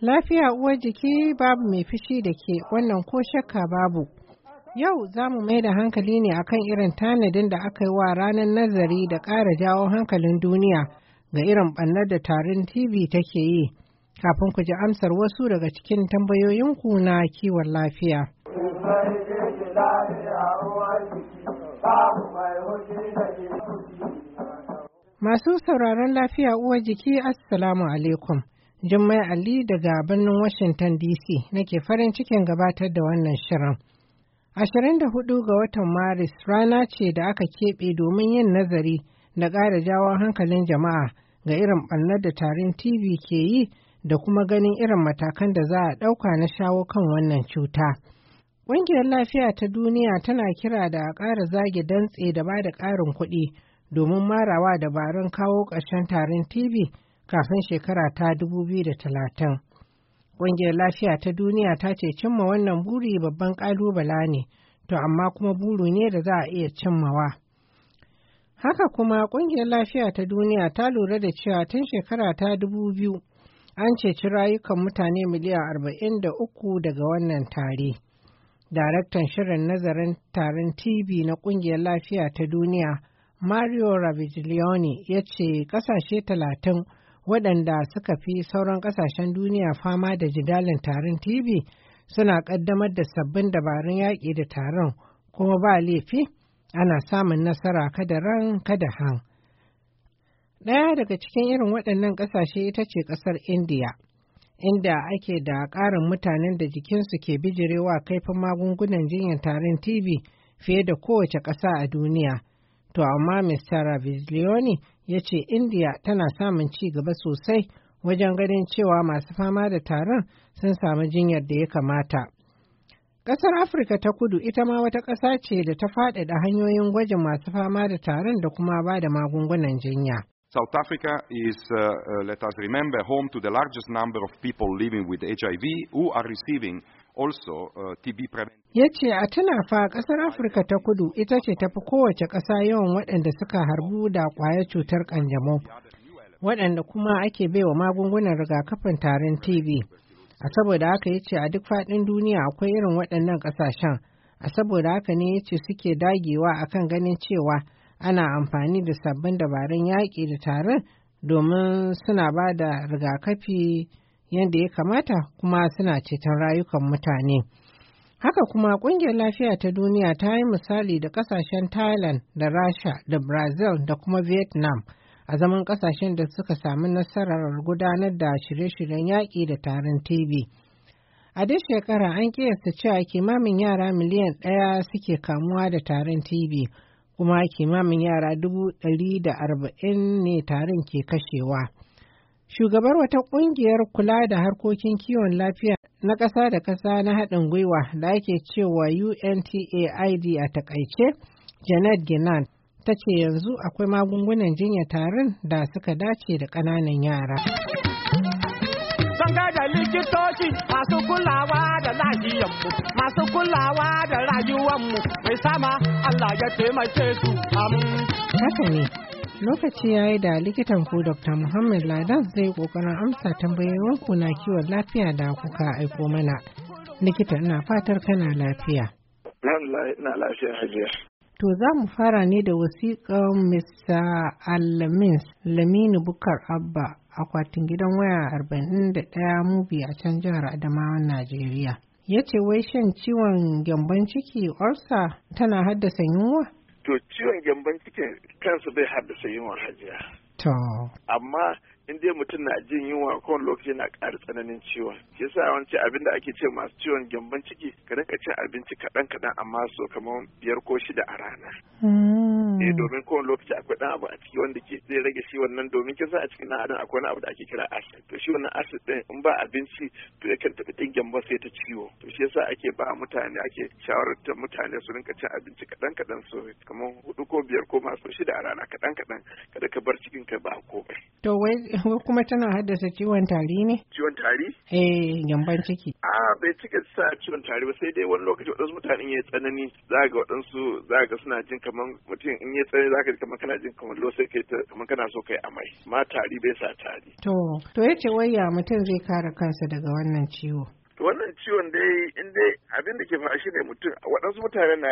Lafiya uwar jiki babu mai fushi da ke wannan ko shakka babu. Yau za mu mai da hankali ne akan irin tanadin da aka yi wa ranar nazari da ƙara jawo hankalin duniya ga irin ɓannar da tarin TV take yi. Kafin ku ji amsar wasu daga cikin tambayoyinku na kiwon lafiya. Masu sauraron lafiya uwar jiki Assalamu alaikum. Jummai Ali daga birnin Washington DC nake farin cikin gabatar da wannan shirin. 24 ga watan Maris rana ce da aka keɓe domin yin nazari da ƙara jawo hankalin jama'a ga irin ɓannar da tarin TV ke yi da kuma ganin irin matakan da za a ɗauka na shawo kan wannan cuta. Ƙungiyar lafiya ta duniya tana kira da a ƙara zage dantse da ba da ƙarin kuɗi domin marawa dabarun kawo ƙarshen tarin TB kafin shekara ta 2030. Ƙungiyar lafiya ta duniya ta ce cimma wannan buri babban ƙalubala ne, to amma kuma buru ne da za a iya cimmawa. Haka kuma ƙungiyar lafiya ta duniya ta lura da cewa tun shekara ta biyu an ceci rayukan mutane miliyan arba'in da uku daga wannan tare. Daraktan shirin nazarin tarin TB na ƙungiyar lafiya ta duniya. Mario Raviglione ya ce kasashe talatin waɗanda suka fi sauran ƙasashen duniya fama da jidalin tarin TB suna ƙaddamar da sabbin dabarun yaƙi da taron kuma ba laifi ana samun nasara kada ran kada han. Ɗaya daga cikin irin waɗannan ƙasashe ita ce ƙasar India, inda ake da ƙarin mutanen da jikinsu ke bijirewa kaifin magungunan jinyar tarin TB fiye da kowace ƙasa a duniya. To amma Mr. Raviglione ya ce India tana samun ci gaba sosai wajen ganin cewa masu fama da taron sun samu jinyar da ya kamata. Ƙasar Afirka ta kudu ita ma wata ƙasa ce da ta faɗaɗa hanyoyin gwajin masu fama da taron da kuma ba da magungunan jinya. South Africa is, uh, uh, let us remember, home to the largest number of people living with HIV who are receiving Uh, ya ce a tuna fa ƙasar Afirka ta kudu ita ce tafi kowace ƙasa yawan waɗanda suka harbu da ƙwayar cutar ƙanjamau, waɗanda kuma ake baiwa magungunan rigakafin tarin TV; A saboda haka ya ce a duk faɗin duniya akwai irin waɗannan ƙasashen, a saboda haka ne ya ce suke dagewa akan ganin cewa ana amfani da sabbin dabarun yaƙi da tarin domin suna ba da rigakafi yadda ya kamata kuma suna ceton rayukan mutane. Haka kuma ƙungiyar lafiya ta duniya ta yi misali da ƙasashen Thailand da Rasha da Brazil da kuma Vietnam a zaman ƙasashen da suka sami nasarar gudanar da shirye-shiryen yaƙi da tarin TB. A duk shekara an kiyasta cewa kimamin yara miliyan ɗaya suke kamuwa da taron TB, kuma kimamin yara dubu ɗari da arba'in ne taron ke kashewa. Shugabar wata ƙungiyar kula da harkokin kiwon lafiya na ƙasa da ƙasa na haɗin gwiwa da ake cewa UNTAID a takaice, Janet Ginan, ta ce yanzu akwai magungunan jinya tarin da suka dace da ƙananan yara. Sanga da likitoci masu kulawa da lahiyanmu, masu kulawa da rayuwanmu, mai sama Allah ya taimake su Haka ne. Lokaci ya yi da likitan ku Dr. Muhammad Ladan zai kokarin amsa tambayoyin ku na kiwon lafiya da kuka aiko mana. Likita ina fatar kana lafiya. Ina lafiya hajiya. To za mu fara ne da wasiƙar Mr. alamins Lamini Bukar Abba akwatin gidan waya arba'in da ɗaya, mubi a can jihar adamawa Najeriya. Ya ce wai shan ciwon gyambon ciki orsa tana haddasa yunwa? to ciwon gyamban cikin kansu bai haddasa yunwar hajiya amma in dai mutum na jin yunwa kowane lokaci na ƙara tsananin ciwon Ke sa yawanci abin da ake ce masu ciwon gyambon ciki ka rinka cin abinci kaɗan kaɗan amma so kamar biyar ko shida a rana hmm. ne mm. domin kowane lokaci akwai dan abu a ciki wanda ke zai rage shi wannan domin kin san a cikin adam akwai wani abu da ake kira acid to shi wannan acid din in ba abinci to yakan tafi dingin ba sai ta ciwo to shi yasa ake ba mutane ake ta mutane su rinka cin abinci kadan kadan so kamar hudu ko biyar ko masu shida a rana kadan kadan kada ka bar cikin ka ba komai to wai kuma tana haddasa ciwon tari ne ciwon tari eh gyambon ciki a bai cika sa ciwon tari ba sai dai wani lokaci wadansu mutanen ya tsanani za ga wadansu za ga suna jin kamar mutum in in ya tsaye zaka ji kamar kana jin lo sai kai kamar kana so kai amai ma tari bai sa tari to to yace waya mutum zai kare kansa daga wannan ciwo wannan ciwon dai in dai abin da ke shi shine mutum waɗansu mutane na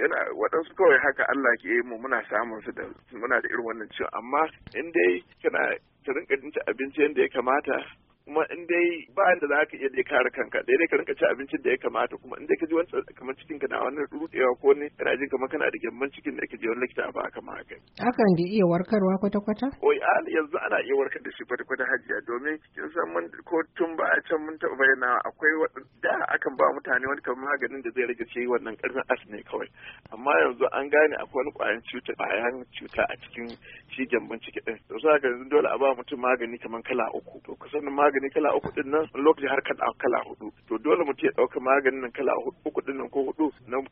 yana waɗansu kawai haka Allah ke yi mu muna samun su da muna da irin wannan ciwon amma in dai kana ta rinka abinci yadda ya kamata kuma in dai ba da za ka iya dai kare kanka dai dai ka rinka ci abincin da ya kamata kuma in dai ka ji wani kamar cikin ka na wani rudewa ko ne kana jin kamar kana da gyamman cikin da ka je wani likita ba kama haka hakan da iya warkarwa kwata kwata oi a yanzu ana iya warkar da shi kwata kwata hajiya domin kin san mun ko tun ba a can mun taɓa bayyana akwai da akan ba mutane wani kamar maganin da zai rage ce wannan karfin as ne kawai amma yanzu an gane akwai wani kwayan cuta kwayan cuta a cikin shi gyamman ciki din to sai yanzu dole a ba mutum magani kamar kala uku to kusan magani magani kala uku din nan lokaci har kala hudu to dole mutum ya dauka maganin nan kala uku din nan ko hudu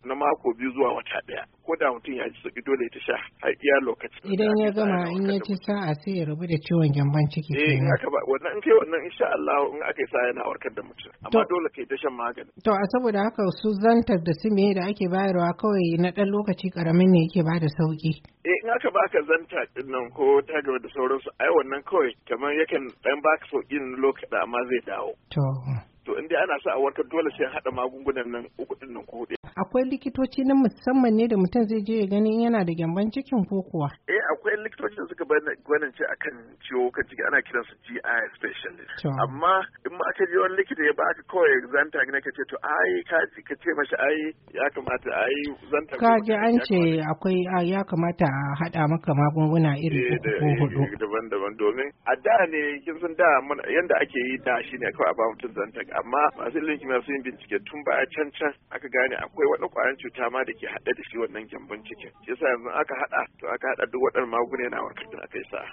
na mako biyu zuwa wata daya ko da mutum ya ji sauki dole ya ta sha har iya lokaci idan ya gama in ya ci sa'a sai ya rabu da ciwon gyamban ciki eh in aka ba wannan in kai wannan insha Allah in aka yi sa yana warkar da mutum amma dole kai ta shan magani to a saboda haka su zantar da su me da ake bayarwa kawai na dan lokaci karamin ne yake bada sauki eh in aka baka zanta din nan ko ta gaba da sauransu ai wannan kawai kamar yakan dan baka sauƙin lokaci amma zai dawo. To. to in dai ana sa a warkar dole sai hada magungunan nan uku din nan kuɗi. Akwai likitoci na musamman ne da mutum zai je ya gani yana da gyamban cikin ko kuwa? Eh akwai likitoci da suka gwanince akan ciwo kan ciki ana kiran su GI specialist. Amma in ma aka je wani likita ya ba ka kawai zanta ne ka ce to ai ka ji ka ce mashi ai ya kamata ai zanta. Ka ji an ce akwai ya kamata a haɗa maka magunguna iri eh, ko hudu. Eh, daban-daban domin a da ne kin san da yanda ake yi da shi ne kawai a ba mutum zanta amma masu ilimin masu sun bincike tun baya can can aka gane akwai wani kwayan cuta ma da ke haɗe da shi wannan gyambon cikin shi yasa yanzu aka haɗa to aka haɗa duk waɗannan magunguna yana warkar da aka yi sa'a.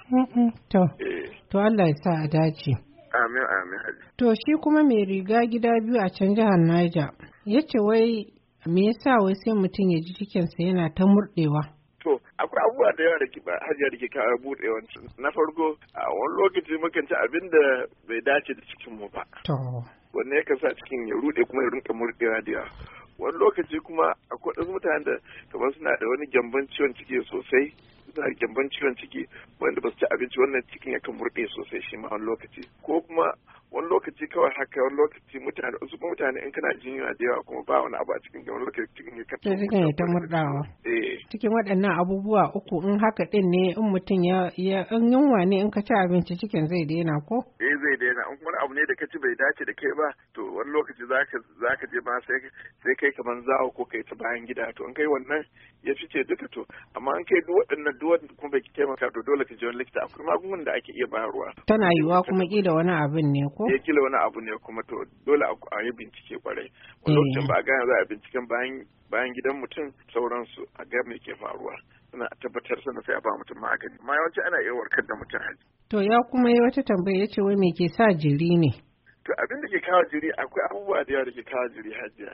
to eh. to Allah ya sa a dace. amin amin. to shi kuma mai riga gida biyu a can jihar Niger ya ce wai me yasa wai sai mutum ya ji cikinsa yana ta murɗewa. to akwai abubuwa da yawa da ke hajiya da ke kawo buɗewan na farko a wani lokaci mukan ci abin da bai dace da cikin mu ba wannan ya kasa cikin ya rude kuma ya rinka murɗewa da wani lokaci kuma akwai wasu mutanen da kamar suna da wani gyamban ciwon ciki sosai suna da gyamban ciwon ciki wanda ba su ci abinci wannan cikin ya kan murɗe sosai shi ma wani lokaci ko kuma wani lokaci kawai haka wani lokaci mutane su kuma mutane in kana jin yana da yawa kuma ba wani abu a cikin gaba lokaci cikin ya kasa cikin ta murdawa eh. cikin waɗannan abubuwa uku in haka din ne in mutum ya in yunwa ne in ka ci abinci cikin zai daina ko eh zai daina in kuma abu ne da ka ci bai dace da kai ba to wani lokaci zaka zaka je ma sai sai kai kaman zawo ko kai ta bayan gida to in kai wannan ya fice duka to amma in kai duk waɗannan duk wanda kuma bai taimaka to dole ka je wani likita akwai magungunan da ake iya bayarwa tana yiwuwa kuma kila wani abin ne ko ya eh, kila wani abu ne kuma to dole a yi bincike kwarai wani eh. lokacin ba a gane za a binciken bayan gidan mutum sauransu a ga me ke faruwa suna tabbatar sana sai a ba mutum magani amma yawanci ana iya warkar da mutum haji to ya kuma yi wata tambaya ya ce wai me ke sa jiri ne To abin da ke kawo jiri akwai abubuwa da yawa da ke kawo jiri hajiya.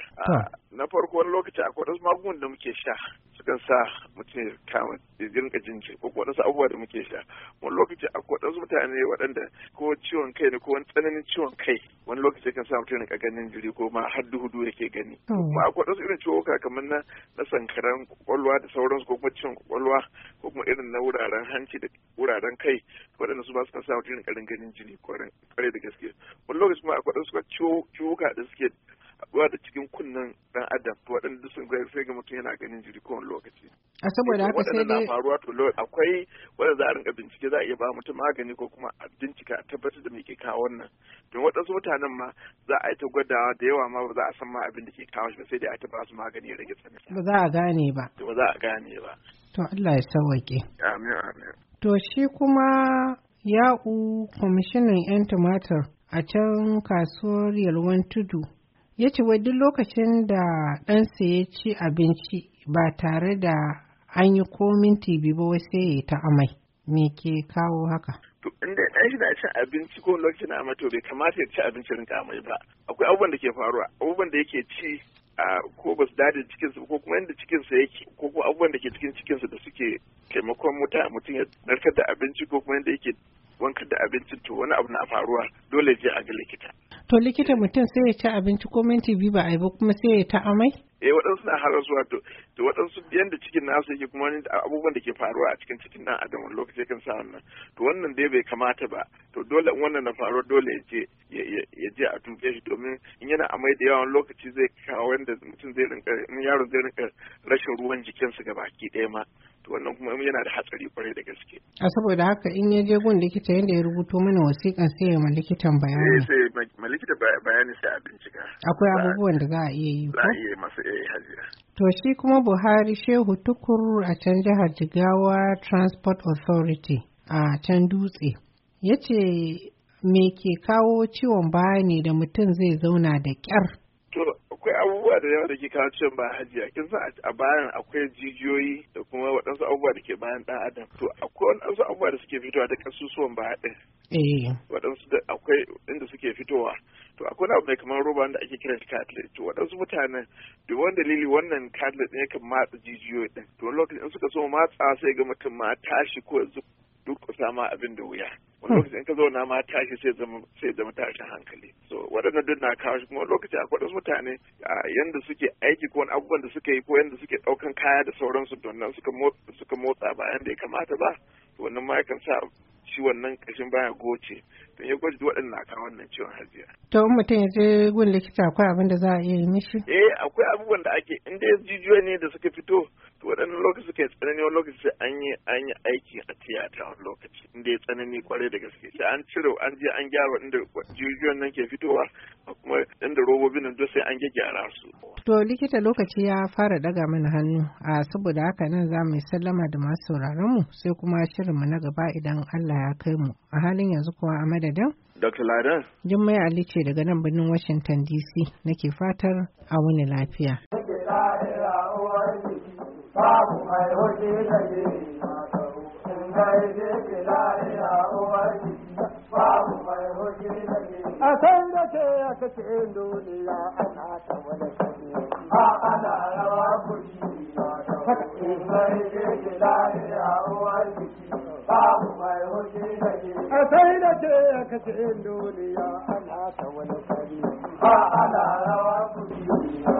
Na farko wani lokaci akwai wasu magungunan da muke sha sukan sa mutum ya kama jirgin ka jinci ko wasu abubuwa da muke sha. Wani lokaci akwai wasu mutane waɗanda ko ciwon kai ne ko wani tsananin ciwon kai wani lokaci kan sa mutum ya ganin jiri ko ma har duhu duhu yake gani. Hmm. Kuma akwai wasu irin ciwoka kamar na na sankaran kwakwalwa da sauransu ko kuma ciwon kwakwalwa ko kuma irin na wuraren hanci da wuraren kai waɗanda su ba su sa wajen ƙarin ganin jini kwarai da gaske wani lokaci kuma akwai suka ciwuka da suke haɗuwa da cikin kunnen ɗan adam waɗanda duk sun sai ga mutum yana ganin ko kowane lokaci. a saboda haka sai dai faruwa to akwai wanda za a rinka bincike za a iya ba mutum magani ko kuma a bincika a tabbatar da me ke kawo wannan don waɗansu mutanen ma za a yi ta gwadawa da yawa ma ba za a san ma abin da ke kawo shi ba sai dai a ta ba su magani ya rage tsanani. ba za a gane ba. ba za a gane ba. to Allah ya sauwaƙe. amin amin. To shi kuma ya'u kwamishinan 'yan tumatir a can kasuwar yalwan tudu ya ce wai duk lokacin da ɗansa ya ci abinci ba tare da an yi komin tibi ba sai ya ta amai me ke kawo haka to inda ya shi na cin abinci ko lokacin amma to bai kamata ya ci abinci rinka amai ba akwai abubuwan da ke faruwa abubuwan da yake ci ko ba su dade cikinsu ko kuma yadda cikinsu yake ko kuma abubuwan da ke cikin cikinsu da mutum ya narkar da abinci ko kuma yadda yake wankar da abincin to wani abu na faruwa dole je a ga likita. To likita mutum sai ya ci abinci ko minti biyu ba a yi ba kuma sai ya ta amai? Eh waɗansu na har zuwa to to waɗansu yadda cikin nasu yake kuma wani abubuwan da ke faruwa a cikin cikin ɗan adam wani lokaci kan sa wannan to wannan dai bai kamata ba to dole wannan na faruwa dole ya je ya je a tuɓe shi domin in yana amai da yawan lokaci zai kawo wanda mutum zai rinka yaro zai rinka rashin ruwan jikinsa gabaki ɗaya ma wannan kuma yana da hatsari kwarai da gaske a saboda haka in ya je gun likita yadda ya rubuto mana wasiƙa sai ya ma likitan bayani eh, sai bayani sai a bincika akwai abubuwan da za a iya yi ko za a iya masa iya eh, hajiya to shi kuma Buhari Shehu Tukur a can jihar Jigawa Transport Authority a can dutse ya ce me ke kawo ciwon bayani da mutum zai zauna da ƙyar abubuwa da yawa da ke kawo ciwon bayan hajiya kin san a bayan akwai jijiyoyi da kuma waɗansu abubuwa da ke bayan ɗan adam to akwai waɗansu abubuwa da suke fitowa da ƙasusuwan ba ɗin eh. waɗansu da akwai inda suke fitowa to akwai abu mai kamar roba wanda ake kiran shi cartilage to waɗansu mutanen da wani dalili wannan cartilage ɗin yakan matsa jijiyoyi ɗin to lokacin in suka so matsa sai ga mutum ma tashi ko duk sama abin da wuya wani hmm. lokacin ka zauna ma tashi sai zama sai zama tashin hankali so waɗannan duk na kawo kuma lokaci akwai wasu mutane yanda suke aiki ko abubuwan da suke yi ko yanda suke ɗaukan kaya da sauransu don nan suka motsa ba yanda ya kamata ba wannan ma yakan sa ciwon nan ƙashin baya goce to ya gwaji waɗannan na kawo wannan ciwon hajiya. To in mutum ya je gun likita akwai abin da za a iya yi mishi? Eh akwai abubuwan da ake in dai jijiyoyi ne da suka fito waɗannan lokaci kai tsanani wani lokaci sai an yi an yi aiki a tiyata wani lokaci inda ya tsanani kwarai da gaske sai an cire an je an gyara inda jijiyoyin nan ke fitowa kuma inda robobin nan duk sai an gyara su. To likita lokaci ya fara daga mana hannu a saboda haka nan za mu yi sallama da masu sauraron mu sai kuma mu na gaba idan Allah ya kai mu a halin yanzu kuwa a madadin. Dr. Ladan. Jummai Ali ce daga nan birnin Washington DC nake fatar a wani lafiya. babu mai da ke ke a san da ke ya kace duniya ana ta wani kare Ba ana rawa kuri in kai je ke lahiya uwar babu mai waje da ke a san da ke ya kace duniya ana ta wani kare Ba ana rawa kuri